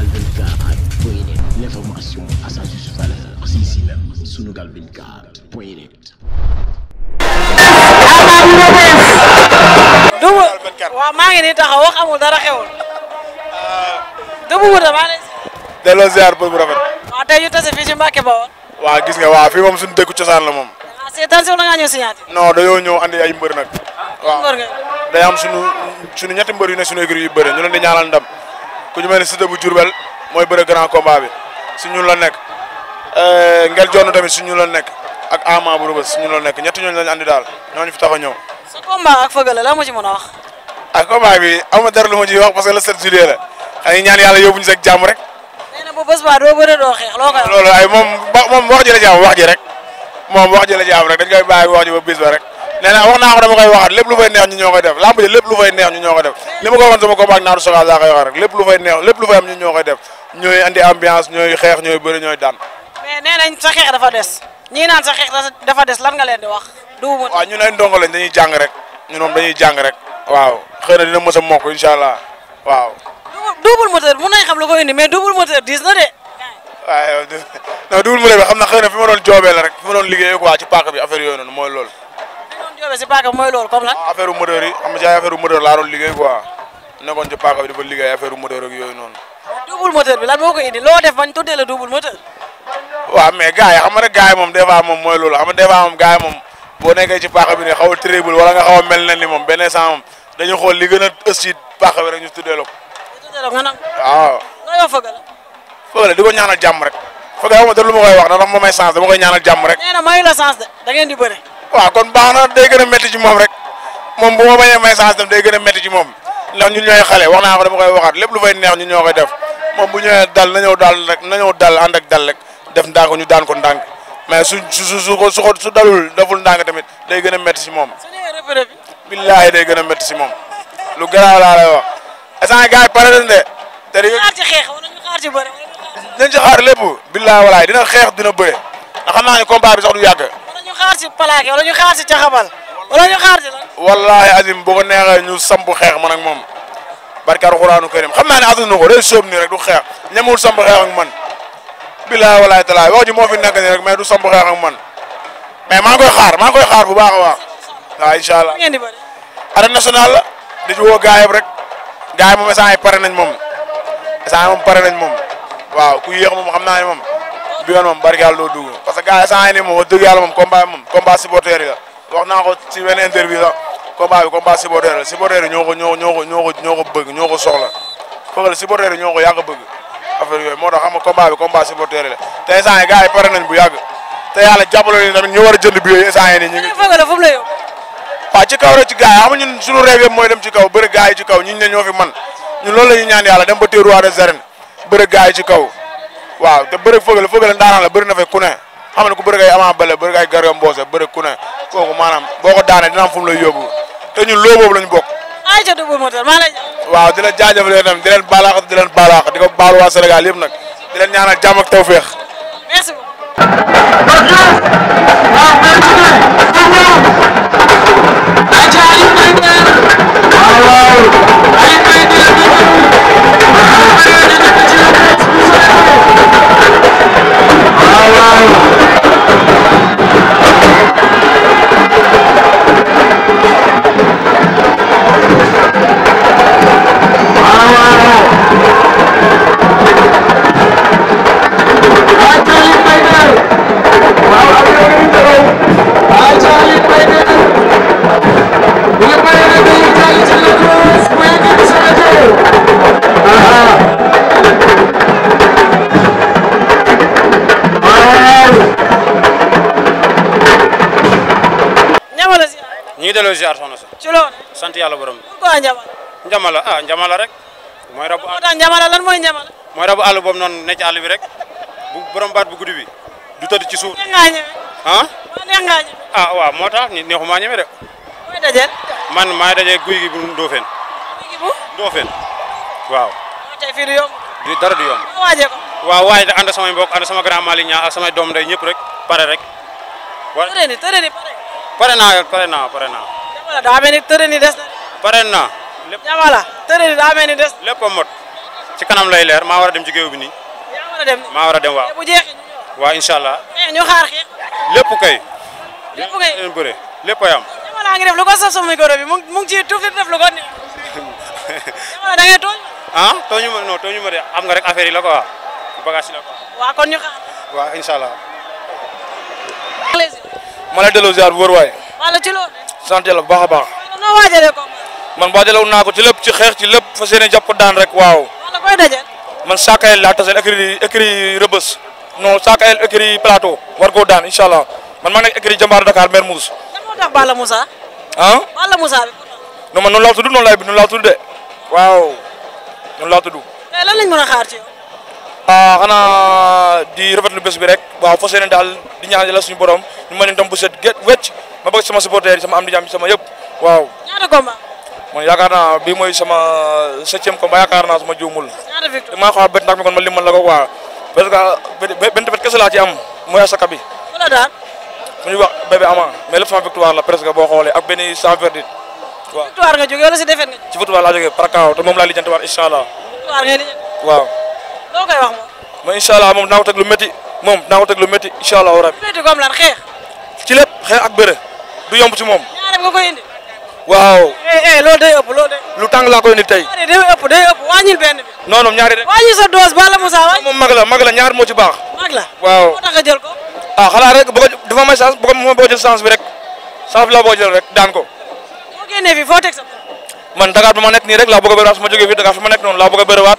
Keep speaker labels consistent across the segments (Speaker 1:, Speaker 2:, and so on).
Speaker 1: Sunugal 24 point net l'information à sa juste valeur si si
Speaker 2: maa ngi nii taxaw wax amul dara xewul euh, dubu bu dama leen
Speaker 1: delloo ziar bu rafet
Speaker 2: waaw tey ñu tase fii ci Mbacke Bawol
Speaker 1: waaw gis nga waaw fii moom suñu dëkku cosaan la moom
Speaker 2: waaw seetaan si wala ngaa ñëw si ñaati
Speaker 1: non dañoo ñëw andi ay mbër nag
Speaker 2: ah, waaw
Speaker 1: day am suñu suñu ñetti mbër yu ne suñu écurie yu bëri ñu leen di ñaanal ku ñu si ni Siteu bu Diourbel mooy bëre grand combat bi si ñun la nekk eh, ngel joon tamit si ñun loo nekk ak Ama bu Rebeuss si ñun la nekk ñetti ñooñu lañu andi daal ñooñu fi tax a ñëw.
Speaker 2: sa combat ak Feugeule la ma ci a wax. ak
Speaker 1: ah, combat bi amuma dara lu ma ciy wax parce que le 7 juillet la ay ñaan yàlla yóbbuñu seeg jàmm rek.
Speaker 2: nee na bu bés ba doo bëre
Speaker 1: moom wax ji la wax ji rek moom wax ji la jàmm rek dañ koy bàyyi wax ji ba bés rek. nee naa wax naa ko dama koy waxaat lépp lu fay neex ñu ñoo koy def lamb ji lépp lu fay neex ñu ñoo koy def
Speaker 2: sa xeex dafa des ñii naan sa xeex dafa des lan nga leen di wax
Speaker 1: duuma waaw ñun ay ndongo lañ dañuy jàng rek ñun moom dañuy jàng rek waaw xëy na dina mës a mokk incha allah
Speaker 2: waaw double moteur mun nañ xam lu ko indi mais double moteur diis na de
Speaker 1: waaw non double moteur bi xam na xëy na fi ma doon joobee la rek fi ma doon liggéey quoi ci paak bi affaire yooyu noonu mooy loolu demee si paaka bi mooy loolu comme lan. affaire moteur yi xam nga si ay affaire moteur laa doon liggéey quoi nekkoon ci paaka bi di fa liggéey affaire moteur ak yooyu noonu.
Speaker 2: double moteur bi lan moo ko indi loo def bañ tuddee la double moteur.
Speaker 1: waaw mais gars yi rek gars yi moom des mooy loolu xam nga des fois moom boo nekkee ci paaka bi ne xaw a wala nga xaw a ni moom benn instant moom dañu xool li gën a paaka bi rek ñu tuddee la nga nangu. waaw. nga yow di ko ñaanal jàmm rek. fëgal
Speaker 2: di waaw kon baax na day gën a métti ci moom
Speaker 1: rek moom bu ma bañee may chance dem day gën a métti ci moom ndax ñun ñooy xale wax naa ko dama koy waxaat lépp lu fay neex ñun ñoo koy def moom bu ñëwee dal na ñëw dal rek na ñëw dal ànd ak dal rek def ndànk ñu daan ko ndànk mais su su su ko su dalul deful ndànk tamit day gën a métti si moom. billaahi day gën a métti si moom lu garaaw laa la wax instant gars yi pare nañ de. te dañuy xaar ci xeex
Speaker 2: wala
Speaker 1: xaar lépp billaahi walaay dina xeex dina bëre ndax xam naa ne combat bi yàgg
Speaker 2: xaar si plaqué wala ñu xaar si caxabal wala ñu xaar
Speaker 1: si xeex man ak moom barke alxuraanu karim xam naa ne atanu ko day sóob nii rek du xeex ñemewul sampu xeex ak man. bilaay walaay talaay wax ji moo fi nekk nii rek mais du sampu xeex ak man mais maa ngi koy xaar maa ngi xaar bu baax a baax. waaw incha allah ngeen di bëri. arène nationale di ci woo gaay rek gaay yi moom instant pare nañ moom instant yii moom pare nañ moom waaw ku yéex moom naa ne moom bi yoon moom barki yàlla doo dugg parce que gars yi ni moom wax dëgg yàlla moom moom combat supporter yi la wax benn interview sax combat bi combat supporter ñoo ko ñoo ñoo ko ñoo bëgg ñoo ko soxla ñoo ko yàgg bëgg moo tax xam nga combat te instant yi pare nañ bu yàgg te yàlla jàppale ni tamit ñu war a jënd bi yooyu instant yi ñoo fi man ñun loolu la ñuy ñaan yàlla dem ba téeru waa des arènes bëri ci kaw waaw te bëre fëgale fëgale ndaanaan la bëri na fa ku ne xam ne ku bëri ay Ama Baldé ay Garga Mbossé bëri ku ne kooku maanaam boo ko daanee dina am fu mu lay yóbbu te ñun loo boobu lañ bokk
Speaker 2: ajadu bu motal maa lay
Speaker 1: waaw di leen jaajëfal yéen tam di leen baalaax di leen baalaax di ko baalu waa Sénégal yëpp nag di leen ñaanal jàmm
Speaker 3: Thank you. ngi delloo
Speaker 4: ziar soxna si. ci loolu. sant yàlla borom.
Speaker 2: a Njamala.
Speaker 4: Njamala ah Njamala rek. mooy rabu àll moo
Speaker 2: tax Njamala lan mooy
Speaker 4: noonu ne ci bi rek bu borom baat bu guddi bi ci suuf. ah. ah waaw moo tax nit neexu maa ñeme
Speaker 2: de.
Speaker 4: man maay dajee guy gi bu waaw. tey fii du yomb. du dara
Speaker 2: da
Speaker 4: ànd samay mbokk ànd sama grand Malick Niang samay doom ndey ñëpp rek pare rek. pare naa yow pare naa pare
Speaker 2: mel ni tërë des pare naa. lépp ni
Speaker 4: daa mel ni des. lépp a mot ci kanam lay leer maa war a dem ci géew bi ni yaa war a dem maa war a kay. lépp kay lépp bëre lépp ay am.
Speaker 2: Jamala a ngi def lu ko mu ngi mu ngi def lu ko
Speaker 4: nii. tooñu ma non tooñu ma de am nga rek affaire yi la quoi bagage yi la quoi. waaw kon ma lay delloo ziar bu wër waaye. wala ci loolu. sant yàlla bu
Speaker 5: baax a baax.
Speaker 2: noo
Speaker 5: naa ko ci lépp ci xeex ci lépp fas yéene jàpp daan rek waaw. wala koy dajal. man saakaayel laa taseel écrit écrit rëbës non saakaayel écrit plateau. war koo daan incha allah man maa nekk écrit jàmbaaru Dakar maire Mousse.
Speaker 2: lan moo tax Balla Moussa. ah Balla Moussa bi.
Speaker 5: non man de waaw
Speaker 2: noonu laa a xaar
Speaker 5: Ah, xanaa di rafetlu bés bi rek waaw fas yéene daal di ñaan yàlla suñu borom ñu mën leen tam bu set get wecc ma bëgg sama supporter sama am di jàmm sama yëpp waaw. ñaata yaakaar naa bi mooy sama septième combat yaakaar naa sama juumul. ñaata victoire maa xaw a bett mi kon ma limal la ko quoi parce que benn bët kese laa ci am mooy asaka bi. wala daal. mu ñuy wax bébé ama sama victoire la presque boo xoolee ak benn sans verdict. waaw victoire nga jógee wala si victoire laa jógee par kaw te moom loo koy wax moom. mais incha allah moom naa ko teg lu métti moom naa ko teg lu métti incha allah rabi. ci lépp xeex ak bëre du yomb ci moom.
Speaker 2: ñaareel nga koy indi. waaw. Eh, eh,
Speaker 5: loolu day ëpp lu tàng laa koy indi tey. day ñaari rek.
Speaker 2: wàññi sa dose Balla Moussa moom mag
Speaker 5: la mag la ñaar moo ci baax. la waaw moo tax nga jël ko. ah xanaa rek bu ko dafa may chance bu ko ma boo jël chance bi rek chance bi laa boo jël rek daan ko. boo génnee fii man Dakar ma nekk nii rek laa bëgg a bëriwaat su ma jógee fii Dakar fi ma nekk noonu laa bëgg a bëriwaat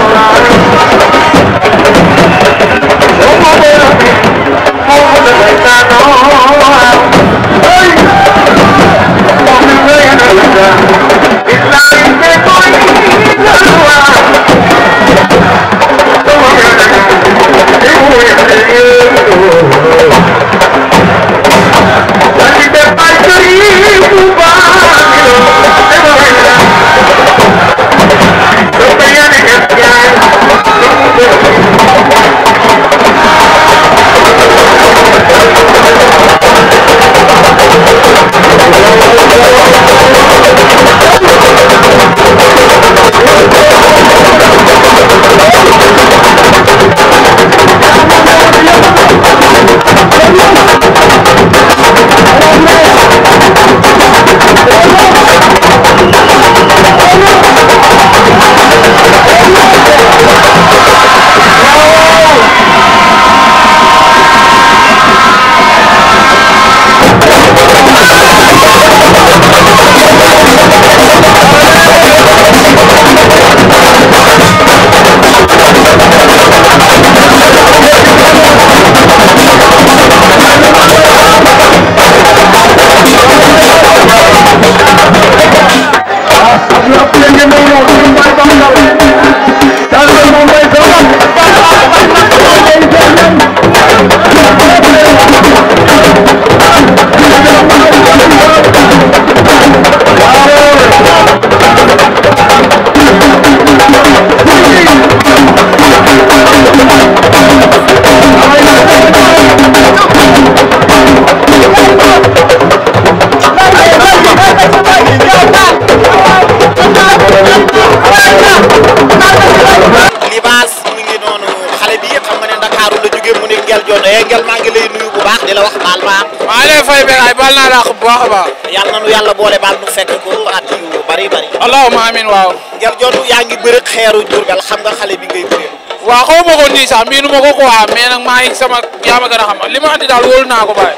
Speaker 4: baax a baax. yàlla na nu yàlla boole baal nu fekk ko at yu bari bari. allahumma amiin waaw. Ndiol Dione yaa ngi bëri xeeru Diourbel xam nga xale bi ngay bëree. waaw xaw ma ko nii sax miinu ma ko ko waa mais nag maa ngi sama yaa ma gën a xam li daal wóolu naa ko baay.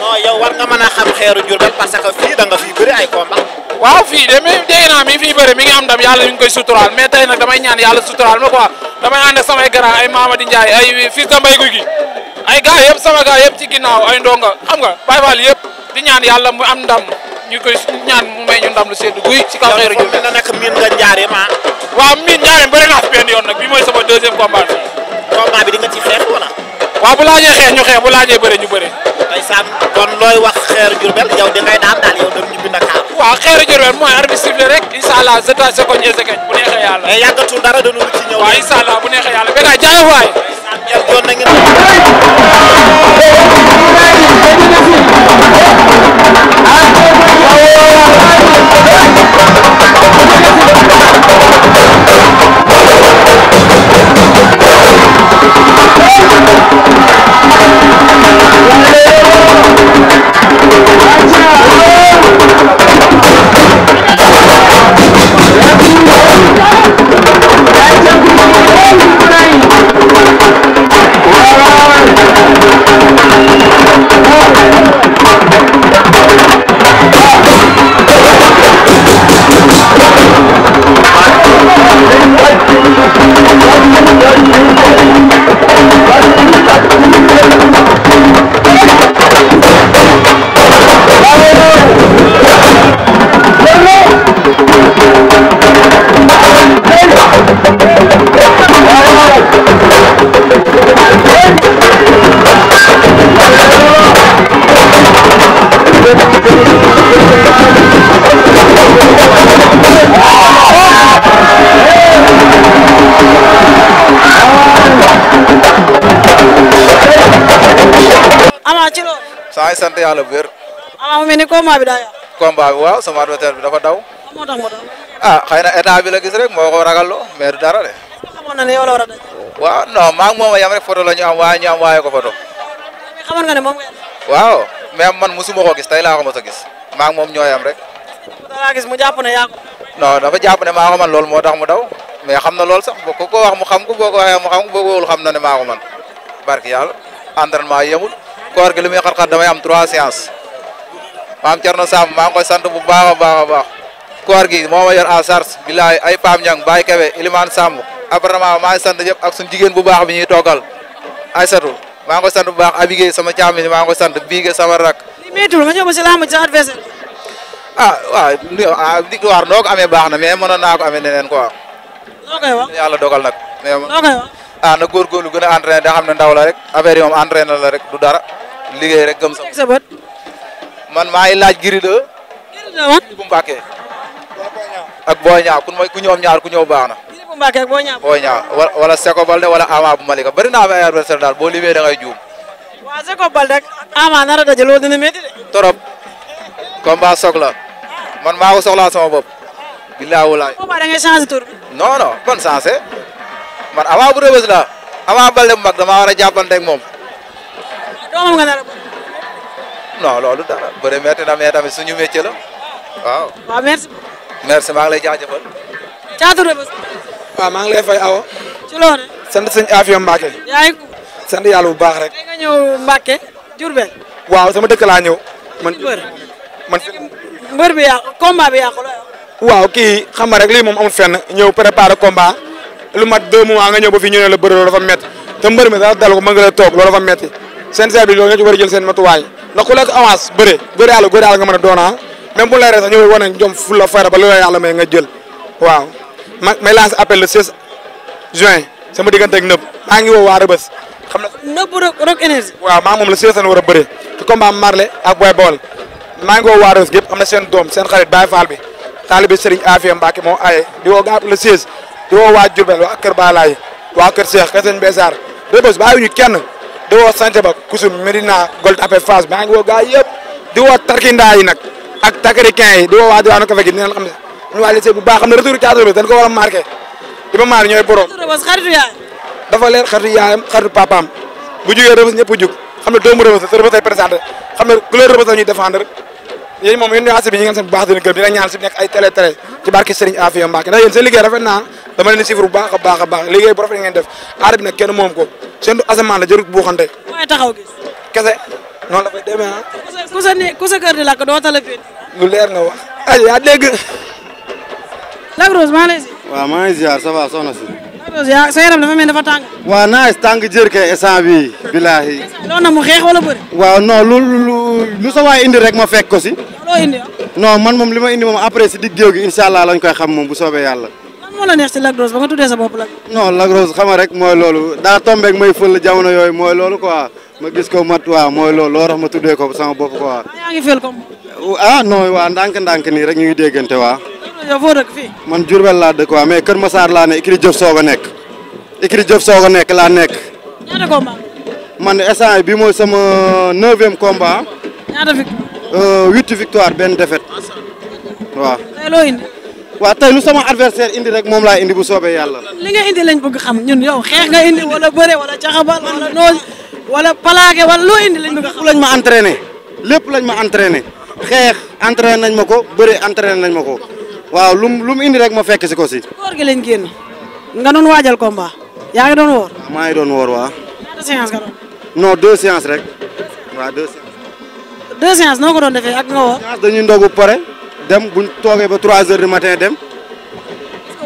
Speaker 4: non yow war nga mën a xam xeeru Diourbel parce que fii da ay combat. waaw fii de mais dégg naa mi fii bëri mi ngi am ndam yàlla mi ngi koy suturaal mais tey nag damay ñaan yàlla suturaal ma quoi damay ànd ak samay grand ay Mamadi Ndiaye ay fils Guy gi ay gars yëpp sama gars yëpp ci ginnaaw ay ndonga xam nga Baye Fall yëpp di ñaan yàlla mu am ndam ñu koy ñaan mu may ñu ndam lu sedd guy ci kaw xeeru jul na nekk miin nga njaareem ah waaw fi benn yoon nag bi mooy sama deuxième combat bi combat bi di nga ci xeex wala waaw bu laajee xeex ñu xeex bu laajee bëre ñu bëre ndeysaan kon looy wax xeeru Jurbel yow da ngay daan daal yow dem ñibbi Dakar waaw xeeru Jurbel mooy arbitre rek incha allah zeta sekoñ esekeñ bu
Speaker 3: Thank you.
Speaker 6: sant yàlla bu wér.
Speaker 2: ah mu bi
Speaker 6: waaw sama bi dafa daw. Ah, moo tax ah, xëy na état bi la gis rek moo ko ragal loo mais du dara de. na ne yow la war a daj. waaw non maa ngi moom a yem rek photo la ñu am waaye ko photo. waaw mais man musuma ko gis tey laa ko mos a gis maa moom ñoo yem rek.
Speaker 2: daa gis mu jàpp ne
Speaker 6: yaa dafa jàpp ne maa man loolu moo tax mu daw mais xam na lool sax boo ko wax mu xam ko boo ko mu xam ko boo xam na ne maa ko man barki yàlla entraînement yemul koor gi li muy xar damay am trois séances maam Thierno Samb maa ngi koy sant bu baax a baax baax koor gi moo ma yor en charge bilaay ay Pam Ñang Baye Kebe Ilimane Samb apparemment maa ngi sant ak suñu jigéen bu baax bi ñuy toggal Aysatu maa ngi koy bu baax Abigé sama caamin maa ngi koy sant Bigé sama rak li méttiwul nga ñëw ba ah, ah, amee baax na mais mënoon naa ko amee neneen quoi. noo koy nag. noo koy wax ah na góorgóorlu gën a entraîné da xam ne ndaw la rek affaire yi moom na la rek du dara. liggéey rek gëm man maa ngi laaj Gris bu Mbàkke ak Boy Niang ku mooy ku ñaar ku ñëw baax wala Seko Balde wala Ama bu Malika bari naa am ay adversaire daal boo limee da juum.
Speaker 2: waaw Seko Balde ak Ama nar a daje loolu dina métti de.
Speaker 6: trop combat soxla man maa ko soxlaa sama bopp. billaahi walaay. combat kon changé man Ama bu la Ama Balde bu mag damaa war a jàppante moom. moom nga nar a non loolu dara bëri métti na mais suñu métier la waaw. merci. merci maa ngi lay jaajëfal.
Speaker 2: Thiatou Rebeuss. waaw maa ngi lay
Speaker 7: fay awa. ci loolu.
Speaker 6: sant sëñ Afia Mbacke. yaa ngi yàlla bu baax rek. tey
Speaker 2: nga ñëw Mbacke. Diourbel.
Speaker 7: waaw sama dëkk laa ñëw. man mbër man mbër bi yàqu combat bi yàqu la. waaw kii xam nga rek lii moom amul fenn ñëw préparer combat lu mat deux mois ñëw ba fi ñu ne la bëri loolu dafa métti te mbër mi daal dal ko mën nga toog loolu dafa métti. CNG bi loolu ñoo war a jël seen matuwaay ndax ku lekk avance bëre góor yàlla góor yàlla nga a doona ah. même bu lay rek juin sama diggante ak nëb maa ngi woo waa Rëbës xam na nëb rek rek moom le 16 lañ war a bëre ci combat Marley maa ngi woo waa Rëbës gépp am na seen doom seen xarit Baye Fall bi taalibe Serigne Afia Mbacke moo aye di woo gaab le 16 di woo waa Diourbel waa Kër Balaye waa Kër Cheikh Kër Sëñ Besar Rëbës bàyyiwuñu kenn di woo sànce ba kusum Medina Gold Apé Fass maa ngi woo gars yëpp di woo tarkindaa yi nag ak takarikin yi di woo waa diwaanu Café gi dinañ xam ne ñu waa lycée bu baax xam ne retour cadre bi dañ ko war a marqué di ba maar ñooy borom dafa leer xaritu yaayam xaritu papaam bu jugee rëbës ñëpp jug xam ne doomu rëbës la te rëbës ay présenté xam ne couleur rëbës la ñuy défendre yéen moom yéen ñaase bi ñi ngeen sant bu baax dina gërëm ñaan si liggéey rafet naa dama leen di suivre bu baax a baax liggéey bu rafet ngeen def aar bi kenn moom ko seen asamaan la jërut buuxante mooy taxaw gis kese noonu la fay demee ah
Speaker 2: ku sa ku sa kër doo tala peen lu leer nga wa ay yaa dégg Lac Rose maa lay si
Speaker 8: waaw maa ngi ziar ça va soxna si
Speaker 2: Lac Rose yaa sa yaram dafa mel dafa tàng
Speaker 8: waaw naa tàng jër kay lu lu sa waay indi rek ma fekk ko si loo indi man moom li ma indi moom après si digg géew gi incha allah lañ koy xam moom bu soobee yàlla.
Speaker 2: lan moo la neex si Lac ba nga tuddee sa bopp la.
Speaker 8: non Lac Rose xam nga rek mooy loolu daa tombeek may fël jamono yooyu mooy loolu quoi ma gis ko mat waaw mooy loolu loo tax ma tuddee ko sama bopp ko. Ah, ah non waa ndànk-ndànk rek ñu déggante waa.
Speaker 2: yow foo dëkk fii.
Speaker 8: man Diourbel laa dëkk waa mais Kër Massar laa ne Ikri Diop soog nekk. Ikri Diop soog a nekk laa nekk. ñaata combat. man instant bi mooy sama neuvième komba ñaata victoire. Euh, huit victoire benn défaite. waaw tey loo indi. waaw tey lu sama adversaire indi rek moom laa indi bu soobee yàlla. li nga indi lañ bëgg xam ñun yow xeex nga indi wala bëre wala caxabal wala noos wala palaage wala loo indi lañ bëgg xam. lañ ma entraîné lépp lañ ma entraîné xeex entraîné nañ ma ko bëre entraîné nañ ma ko waaw lu lu mu indi rek ma fekk si ko si. koor gi lañ génn nga
Speaker 2: doon waajal combat yaa ngi doon woor.
Speaker 8: maa ngi doon woor waa
Speaker 2: ñaata
Speaker 8: séance nga rek deux séances noo ko doon defee ak nga woo. dañuy ndogu pare dem buñ toogee ba trois heures du dem. est-ce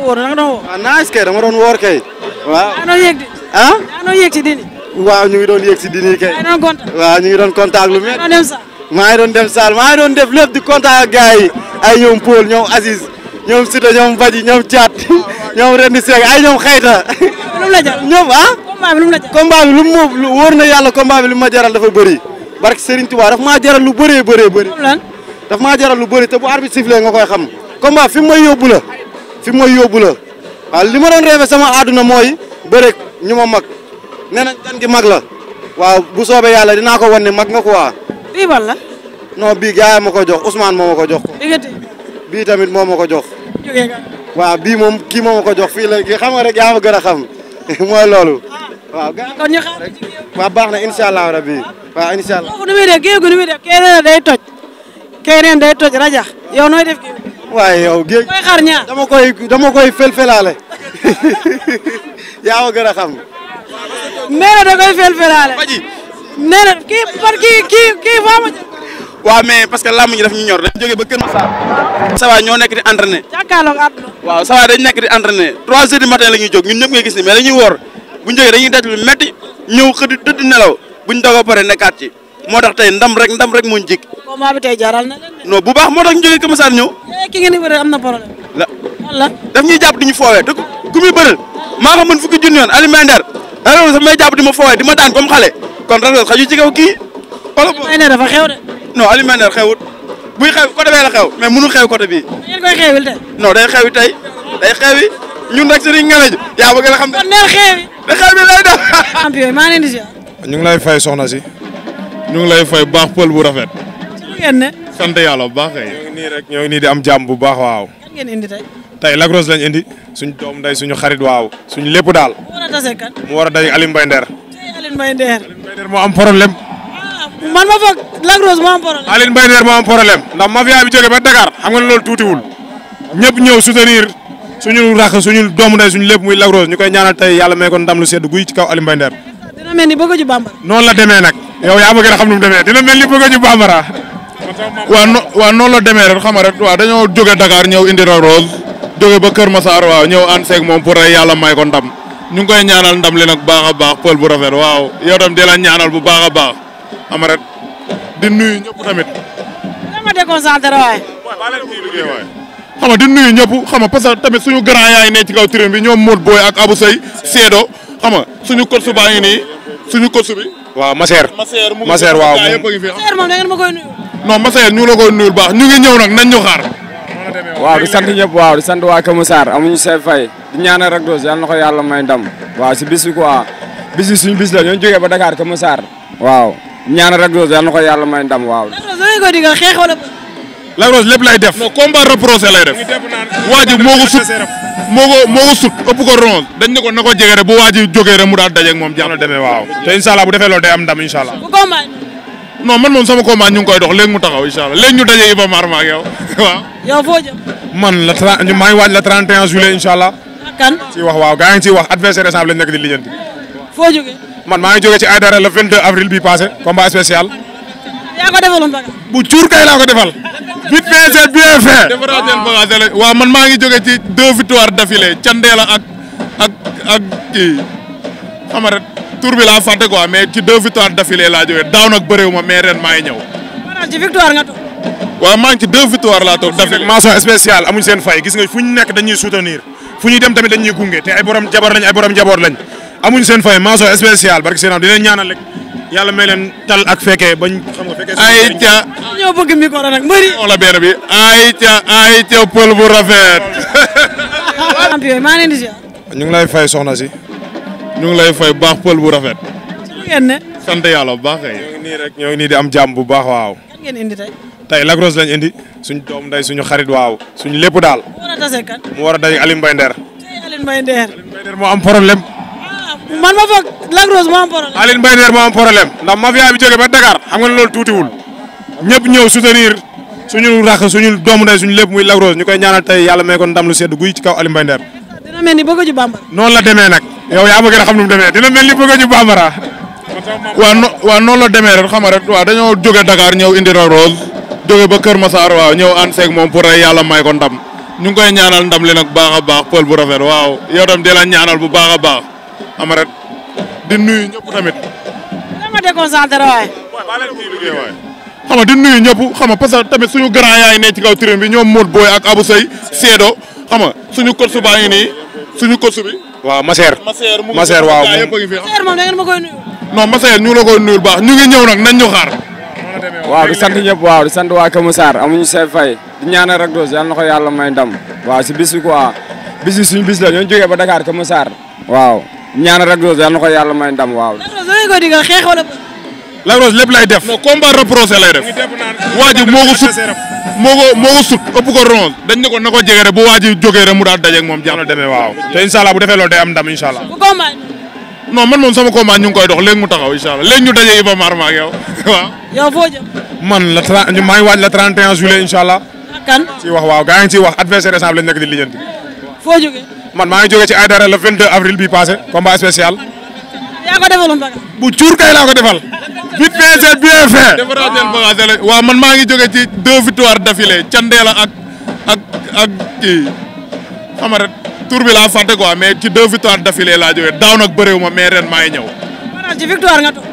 Speaker 8: que ah, doon woor kay. waaw yaa doon yéeg di. Ah? ñu ngi doon yéeg si dini kay. waaw ñu ngi doon contact lu mel. maa ngi doon dem Saal maa ngi doon def di contact ak gars yi ay ñoom Paul ñoom Aziz ñoom Sida ñoom Badji ñoom Thiat ñoom Rendi Seck ay ñoom Xayta. lu mu la jaral ah? lu mu la jaral combat na yàlla combat bi lu ma jaral dafa bëri barke Serigne Touba daf maa jaral lu bëree bëree bëri. daf maa jaral lu bëri te bu arbitre sifflé nga koy xam. combat fi may yóbbu la fi may yóbbu la waaw li ma doon sama àdduna mooy bëreeg ñu ma mag nee nañ gi mag la waaw bu soobee yàlla dinaa ko wan mag nga ko bii ban la. non bii gars ma ko jox Ousmane moo ma ko jox. bii tamit moo moo ko jox. waaw bii moom kii moo ma ko jox fii la xam nga rek yaa ma gën a xam mooy loolu. Ah. waaw gars kon ñu baax na incha allah rabi waaw incha allah. nu muy def géej gu nu day toj keneen day yow nooy def géej. waaye yow géej koy dama koy dama koy felfelaale yaa ma gën a xam. nee na da koy felfelaale. nee na kii par kii kii foo ma. waaw mais parce que lam ñi daf ñu ñor dañ joge ba Kër Massar. ça va ñoo nekk di entraîné.
Speaker 2: jàkkaarloog àdduna.
Speaker 8: waaw ça va dañ nekk di entraîné 3 heures du matin la ñuy jóg ñun ñëpp ngay gis ni mais dañuy woor. bu ñu jógee dañuy daj lu metti ñëw xëdd tëdd nelaw bu ñu dogoo pare nekkaat ci moo tax tey ndam rek ndam rek moo ñu jig. combat bi tey jaral na bu baax moo tax ñu jógee Kër Masar ñëw. Eh, ki ngeen di bëre na problème. ñuy jàpp di ñu foowee te ku muy bëral maa ko mën fukki yoon alimentaire dara sax may di ma foowee di ma daan comme xale kon rek xaju ci kaw kii. wala boobu alimentaire dafa xew de. non alimentaire xewut buy xew côté bee la xew mais munu xew côté bii. ngeen koy xewil tey. non day xewi tey day xewi. ñun rek Serigne Ngalañ yaa bëgg a xam. kon neel xeex bi. ne xeex bi lay maa leen di
Speaker 5: ñu
Speaker 9: ngi lay fay soxna si. ñu ngi lay fay baax pël bu rafet. su ngeen ne. sant yàlla bu baax nii rek nii di am jàmm bu baax waaw. tey. tey indi suñ doom nday suñu xarit waaw suñu lépp daal.
Speaker 2: mu war a tase kan. mu war a daje Alioune moo
Speaker 9: am problème. Ah,
Speaker 2: man ma foog Lac moo am problème.
Speaker 9: Alioune Mbaye moo am problème. ndax mafia bi jógee ba Dakar xam nga tuutiwul ñëpp ñëw soutenir suñu rax suñu doomu ndey suñu lépp muy Lac Rose ñu koy ñaanal tey yàlla may ko ndam lu sedd guy ci kaw Alioune Mbaye Nder.
Speaker 2: dina mel ni bëgg bambara.
Speaker 9: noonu la deme nag yow yaa ma gën a xam nu mu demee dina mel ni bëgg ju bambara. waaw no waaw noonu la demee rek xam nga rek waaw dañoo jóge Dakar ñëw indi Lac Rose jóge ba Kër Massar waaw ñëw ànd seeg moom pour rek yàlla may ko ndam ñu ngi koy ñaanal ndam li nag baax baax pël bu rafet waaw yow tam di la ñaanal bu baaxa a baax xam di nuyu ñëpp tamit.
Speaker 2: dama
Speaker 9: xam nga di nuyu ñëpp xam nga parce que tamit suñu grand yaay ne ci kaw tribune bi ñoom Modou Boy Seedo xam suñu coach baa ngi nii suñu coach bi. waaw Maseer. Maseer waaw ma Maseer ñu la koy nuyul baax ñu ngi ñëw nag nañ ñu xaar.
Speaker 3: waaw di sant
Speaker 7: ñëpp waaw di sant waa Kër Massar amuñu seen fay di ñaanal Lac Rose yàlla na ko yàlla may ndam waaw si bis bi quoi bis bi suñu bis la ñoo jógee ba Dakar Kër Massar waaw ñaanal Lac Rose yàlla na ko yàlla may ndam waaw.
Speaker 2: da ngeen ko
Speaker 7: la Rose lépp lay def. non
Speaker 9: combat rapproché lay def. waa moo ko sut moo ko moo ko ëpp ko ronge dañ ne ko na ko jege rek bu waa ji jógee rek mu daal daje moom jàmm na demee waaw. te incha allah bu defee loolu day am ndam incha non man moom sama combat ñu ngi koy dox léegi mu taxaw incha allah léegi ñu daje Iba Mar ma ak man la tra maa ngi waaj la 31 juillet incha allah. Ah, kan ci wax waaw gaa ngi wax adversaire ensemble lañ nekk di lijjanti. foo jógee. man maa ngi jógee ci Aïdara le 22 avril bi yaa ko defaloon bu cuur kay laa ko defal. vite fait c'est bien fait. defaraat man maa ngi jóge ci deux victoires dafile Candeela ak ak ak kii xam nga rek tur bi laa fàtte quoi mais ci deux victoires d'affilée laa jógee daaw nag bëriwuma mais ren maa ngi ñëw. maanaam ci victoire nga toog. waaw maa ngi ci deux victoires laa toog d'affilée. mention amuñ seen fay gis nga fu ñu nekk dañuy soutenir fu ñuy dem tamit dañuy gunge te ay borom jabar lañ ay borom jaboot lañ amuñ seen fay mention spéciale barke seen am di leen ñaanal yàlla may leen tal ak fekkee bañ xam nga fekkee. ayca ñoo bëgg micro nag mbëri. wala benn bi ayca ayca pël bu rafet.
Speaker 2: champion maa leen di ziar.
Speaker 9: ñu ngi lay fay soxna si. ñu ngi lay fay baax pël bu rafet. ci yàlla bu baax kay. ñoo nii rek ñoo nii di am jàmm bu baax waaw. kan tey. tey lagros lañ indi. suñ doom nday suñu xarit waaw. suñu lépp daal. mu
Speaker 2: war a tase kan. moo am problème. man ma foog Lac Rose moo am problème.
Speaker 9: Aline Mbaye Nder moo am problème ndax mafia bi jógee ba Dakar xam nga loolu tuutiwul ñëpp ñëw soutenir suñu rax suñu doomu ndey suñu lépp muy Lac Rose ñu ko ñaanal tey yàlla may ko ndam lu sedd guy ci kaw Aline Mbaye Nder. la demee nag yow yaa ma gën a xam nu mu demee dina mel ni bëgg ju bambara. waaw no waaw noonu la demee rek xam nga rek waaw dañoo jóge Dakar ñëw indi Lac Rose jóge ba Kër Massar waaw ñëw ànd seeg moom pour rek yàlla may ko ndam ñu koy ñaanal ndam li nag baax a baax pël bu rafet bu baax a amaret di nuyu ñëpp tamit.
Speaker 2: dama déconcentré xam
Speaker 9: nga di nuyu ñëpp xam nga parce que tamit suñu grand yaay ne ci kaw tribune bi ñoo Modou Boy ak Abou Seye Seedo xam suñu coach baa ngi nii suñu coach bi. waaw Maseer.
Speaker 2: Maseer waaw ma koy
Speaker 7: ñu la koy nuyul baax ñu ngi ñëw nag nañ xaar. waaw di sant ñëpp waaw di sant waa Kër Massar amuñu seen fay di ñaanal Lac Rose yàlla na ko yàlla may ndam waaw si bis bi quoi bis bi suñu bis la ñoo jógee ba Dakar Kër Massar waaw. ñaan Lac Rose yàlla na ko yàlla may ndam waaw. Lac
Speaker 2: Rose lan ko digal xeex wala.
Speaker 7: Lac Rose
Speaker 9: lépp lay def. non combat lay def. waa ji moo ko sut moo ko moo ko sut ëpp ko ronge dañ ne na ko jege rek bu waa ji jógee mu daal dajeeg moom jàmm. demee waaw te incha allah bu defee loolu day am ndam incha allah. bu combat. non man moom sama combat ñu ngi koy dox léegi mu taxaw incha allah ñu daje Iba Mar ma ak yow waaw. yow man la tra maa ngi waaj la 31 juillet incha allah. kan. ci wax waaw gaa ngi ciy wax adversaire lañ nekk di lijjanti. foo man maa ngi jóge ci Aïdara le 22 avril bi passé combat spécial.
Speaker 2: yaa ko defaloon bagage.
Speaker 9: bu cuur kay laa ko defal. vite fait c'est bien fait. man maa ngi joge ci deux victoires d'affilée Candeela ak ak ak kii xam nga tour bi laa fàtte quoi mais ci deux victoires d'affilée laa jógee daaw nag ma mais ren maa ngi ñëw. maanaam ci victoire nga toog.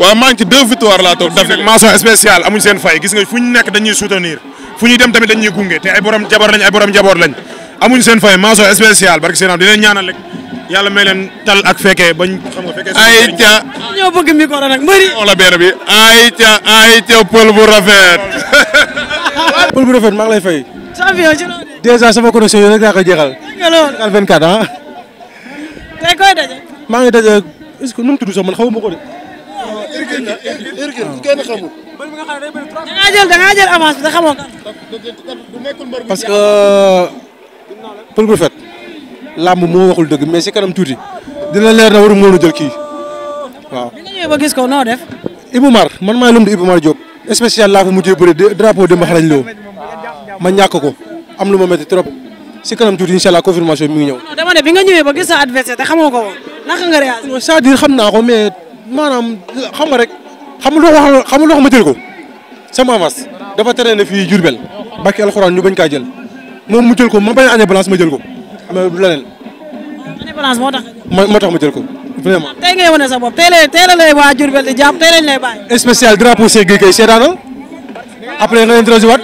Speaker 9: waaw maa ngi ci deux victoires laa toog d'affilée. mention spéciale amuñ seen gis nga fu ñu nekk dañuy soutenir fu ñuy dem tamit dañuy gunge te ay borom jabar lañ ay borom jaboot lañ. amuñ seen fay mention spéciale barke seen am di leen ñaanal rek yàlla may leen tal ak fekkee bañ xam nga fekkee ay ca ñoo bëgg micro nag mbëri wala benn bi
Speaker 10: ay ca ay ca pël bu rafet pël bu rafet maa ngi lay fay
Speaker 2: champion ci loolu
Speaker 10: dèjà sama connexion yi rek laa koy jeexal al 24 ah tey koy daje maa ngi daje est-ce que nu mu tudd sax man xawuma ko de
Speaker 2: kenn xamul da ngaa jël da ngaa jël avance bi da xamoo
Speaker 10: parce que pël bu fet mu moo waxul dëgg mais si kanam tuuti dina leer na waru mën a jël kii waaw. bi
Speaker 2: nga ñëwee ba gis ko man
Speaker 10: maa ngi lënd Ibou Mar Diop. laa fa mujjee bëre drapeau démb loo ma ñàkk ko am lu ma métti trop si kanam tuuti incha allah confirmation bi mi ngi ñëw.
Speaker 2: non bi nga ñëwee ba gis sa te
Speaker 10: xamoo ko naka nga réagir. c'est-à-dire xam naa ko mais maanaam xam nga rek xam nga loo xam nga loo ma jël ko sama avance dafa tere ne fii Diourbel bakki alxuraan ñu bañ kaa jël. moom mu jël ko ma bañ a année balance ma jël ko mais leneen.
Speaker 2: année balance moo tax.
Speaker 10: ma moo tax ma jël ko vraiment.
Speaker 2: tey ngay wane sa bopp tey lay tey la lay waa Diourbel di jàpp tey lañ lay
Speaker 10: bàyyi. spécial drapeau Seye Gueye kay seetaanal après nga introduit waat.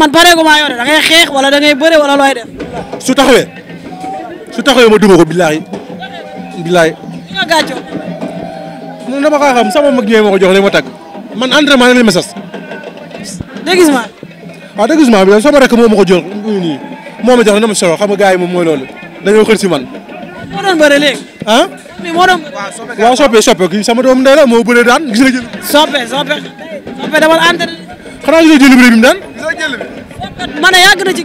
Speaker 2: man pare gu maa yore da ngay xeex
Speaker 10: wala da ngay bëre wala looy def. su taxawee su taxawee ma duma ko billaahi billaahi. li nga gàccoo. non dama kaa xam sama mag ñëwee ma ko jox leen ma tàgg man entraînement rek lañ ma sas. dégg nga waaw ah, déguisement bi sama rek moo ma ko jël nii moo ma jox na ma solo moom mooy loolu dañoo xër si man. moo doon bëre ah?
Speaker 3: doon. waaw soppe soppe
Speaker 10: kii sama doom ndey la moo bëree daan gis nga jël. gis nga jël bi mu daan. ma ne yàgg na ci.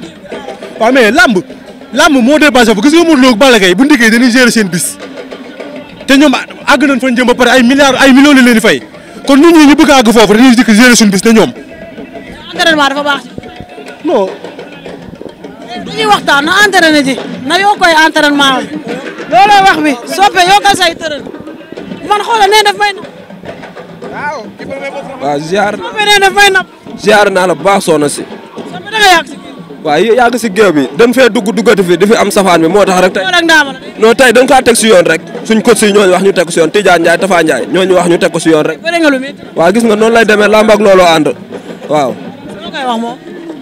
Speaker 10: lamb lamb moo dépassé fa gis nga Modou Lo ak Balla Gaye bu ndikkee dañuy gérer seen bis te ñoom àgg nañ fa jëm ba pare ay milliards ay millions la leen di fay kon nit ñi ñu bëgg a àgg foofu dañuy dikk gérer suñu bis ne ñoom.
Speaker 2: entraînement dafa baax. non. dañuy waxtaan na entraîné ji na yoo koy entraînement am looloo wax bi ko
Speaker 11: say naa la baax soona si.
Speaker 2: soppe
Speaker 11: da si géew. bi dañ fee dugg duggati fi di fi am safaan moo tax rek. tey non tey dañ kaa si yoon rek suñ ko si ñooñu wax ñu teg si yoon Tidjane Ndiaye Tafa Ndiaye ñooñu wax ñu teg si yoon rek. waaw gis nga noonu lay demee làmb ak looloo ànd waaw.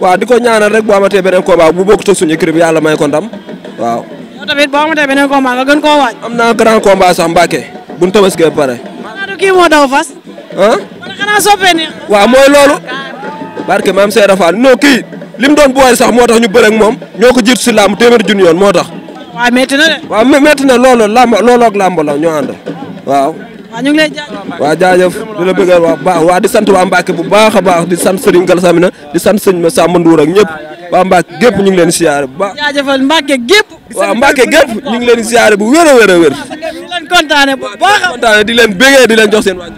Speaker 11: waaw di ko ñaanal rek bu amatee beneen combat bu bokk te suñu équipe bi yàlla may ko ndam waaw.
Speaker 2: yow tamit boo amatee beneen combat gën koo waaj.
Speaker 11: am naa grand combat sax Mbacke bu ñu tabaskee ba pare. xanaa du kii moo daw waaw mooy loolu. barke maam Seydou Fall non kii li mu doon booyal sax moo tax ñu bëre moom ñoo ko jiitu si làmb téeméeri junni moo tax. waaw métti na de. waaw métti na ñoo ànd waaw. waa ñu ngi lay jaajëf waaw jaajëf di la bëggal waa baax waa di sant waa Mbacke bu baax a baax di sant Serigne Galsamina di sant sëñ ma Samba Ndour ak ñëpp waa Mbacke gépp ñu ngi leen siyaare bu baax jaajëfal Mbacke gépp waaw Mbacke gépp ñu ngi leen siyaare bu wér a wér a wér leen kontaane bu baax di leen bégee di leen jox seen waaj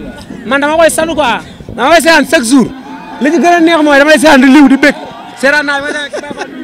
Speaker 11: man dama koy salu quoi dama koy seetaan chaque a neex mooy dama lay seetaan di liw di bég seetaan naa